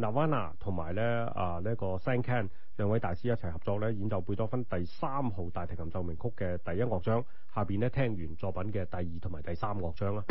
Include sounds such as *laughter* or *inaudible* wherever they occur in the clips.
Nawana 同埋咧啊呢個聖肯兩位大師一齊合作咧演奏貝多芬第三號大提琴奏鳴曲嘅第一樂章，下邊咧聽完作品嘅第二同埋第三樂章啦。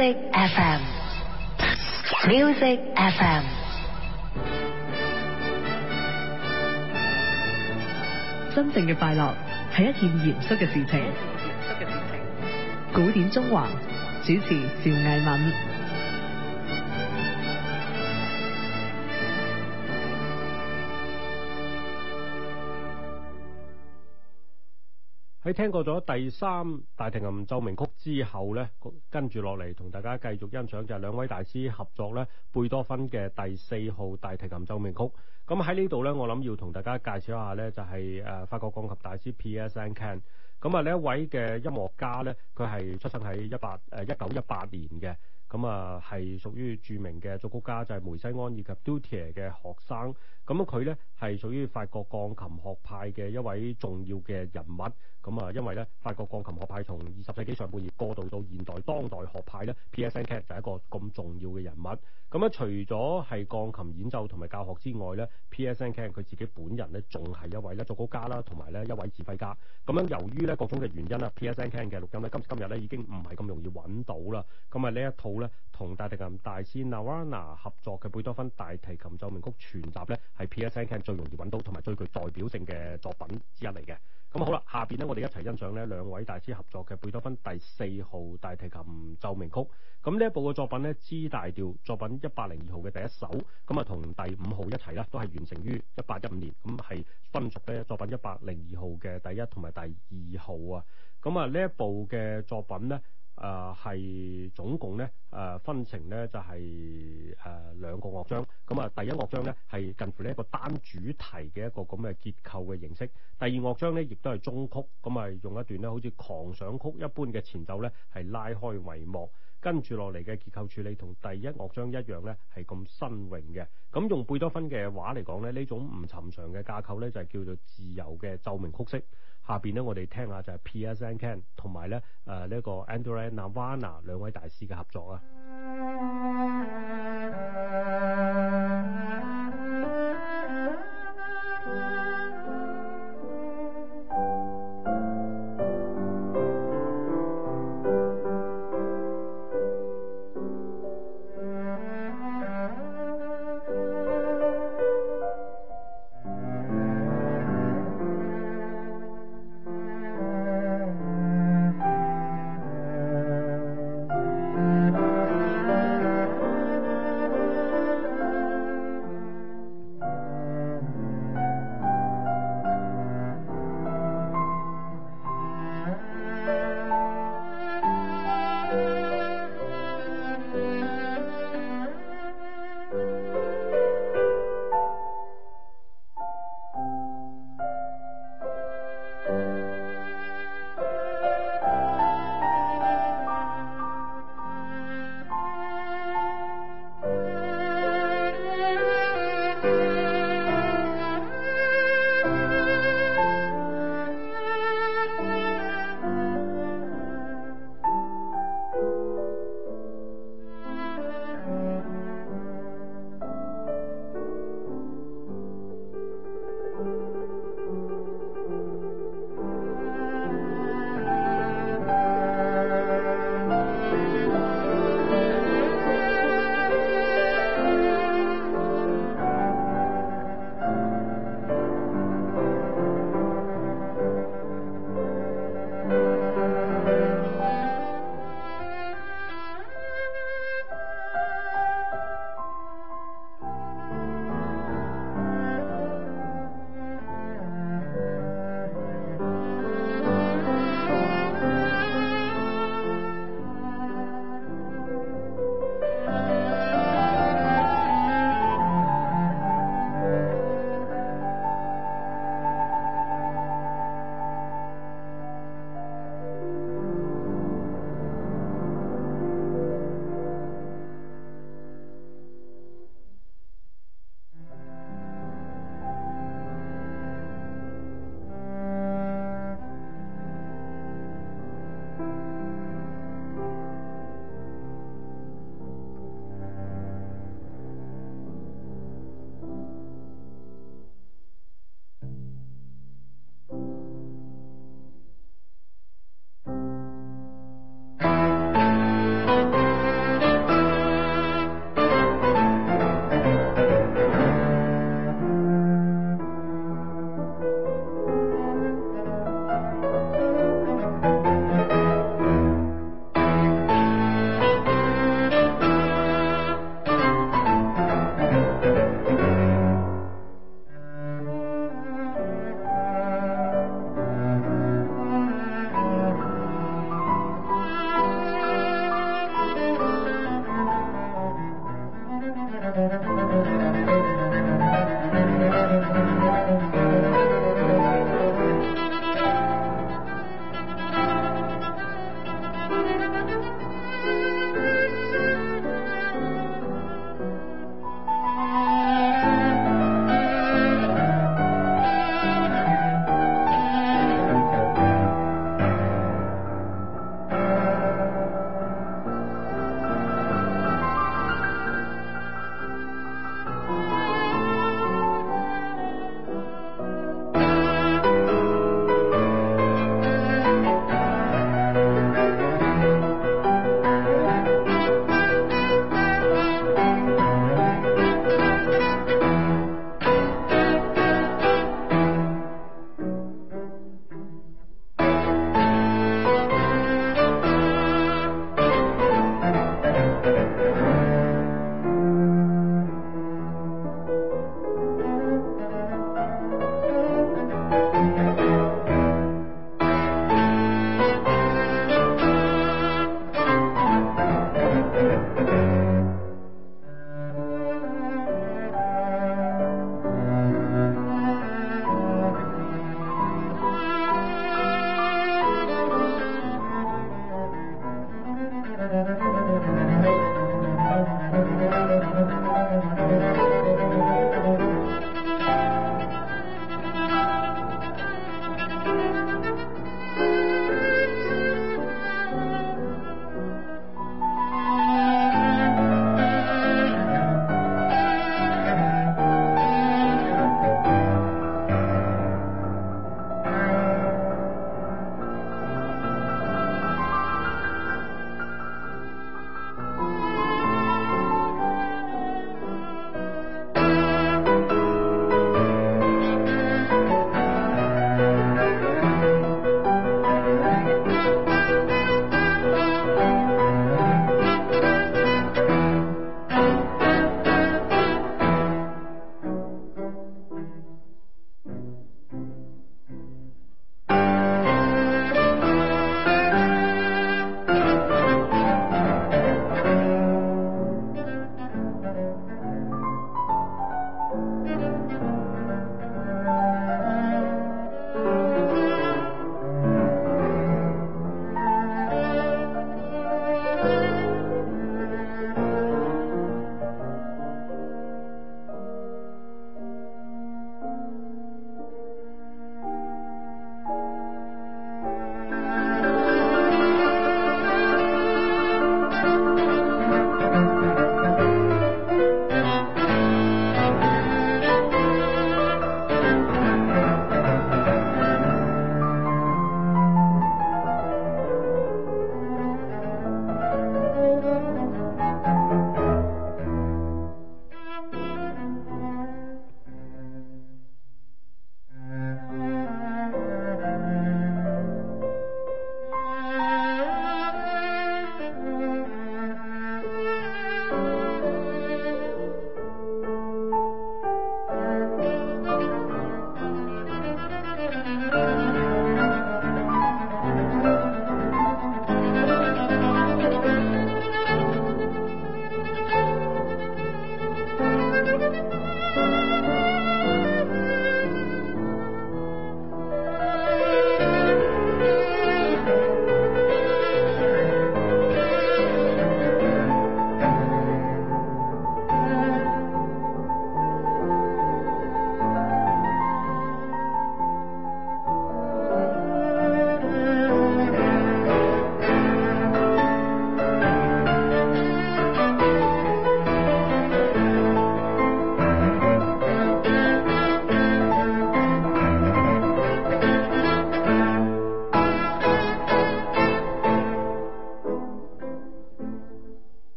Music FM，Music FM，真正嘅快樂係一件嚴肅嘅事情。古典縱橫，主持趙藝敏。喺聽過咗第三大提琴奏鳴曲。之後咧，跟住落嚟同大家繼續欣賞就係兩位大師合作咧，貝多芬嘅第四號大提琴奏鳴曲。咁喺呢度咧，我諗要同大家介紹一下咧、就是，就、呃、係法國鋼琴大師 Pierre Sancan。咁啊呢一位嘅音樂家咧，佢係出生喺一八誒一九一八年嘅。咁啊係屬於著名嘅作曲家，就係、是、梅西安以及 Dutilleux 嘅學生。咁佢咧係屬於法國鋼琴學派嘅一位重要嘅人物。咁啊，因為咧法國鋼琴學派從二十世紀上半葉過渡到現代當代學派咧 p s n k 就係一個咁重要嘅人物。咁啊，除咗係鋼琴演奏同埋教學之外咧 p s n k 佢自己本人咧仲係一位咧作曲家啦，同埋咧一位指揮家。咁樣由於咧各種嘅原因啊 p s n k 嘅錄音咧今今日咧已經唔係咁容易揾到啦。咁啊，呢一套咧。同大提琴大師 Nawana 合作嘅貝多芬大提琴奏鳴曲全集咧，係 P.S.N.K 最容易揾到，同埋最具代表性嘅作品之一嚟嘅。咁好啦，下邊咧我哋一齊欣賞呢兩位大師合作嘅貝多芬第四號大提琴奏鳴曲。咁呢一部嘅作品咧，G 大調作品一百零二號嘅第一首，咁啊同第五號一齊啦，都係完成於一八一五年。咁係分屬咧作品一百零二號嘅第一同埋第二號啊。咁啊呢一部嘅作品咧。誒、呃、係總共咧誒分成咧就係、是、誒、呃、兩個樂章，咁啊第一樂章咧係近乎呢一個單主題嘅一個咁嘅結構嘅形式，第二樂章咧亦都係中曲，咁啊用一段咧好似狂想曲一般嘅前奏咧係拉開帷幕，跟住落嚟嘅結構處理同第一樂章一樣咧係咁新穎嘅，咁用貝多芬嘅話嚟講咧呢種唔尋常嘅架構咧就係、是、叫做自由嘅奏鳴曲式。下邊咧，我哋聽下就係 P.S.N.Ken 同埋咧，誒呢一個 Andrea and Vana 兩位大師嘅合作啊。 *music*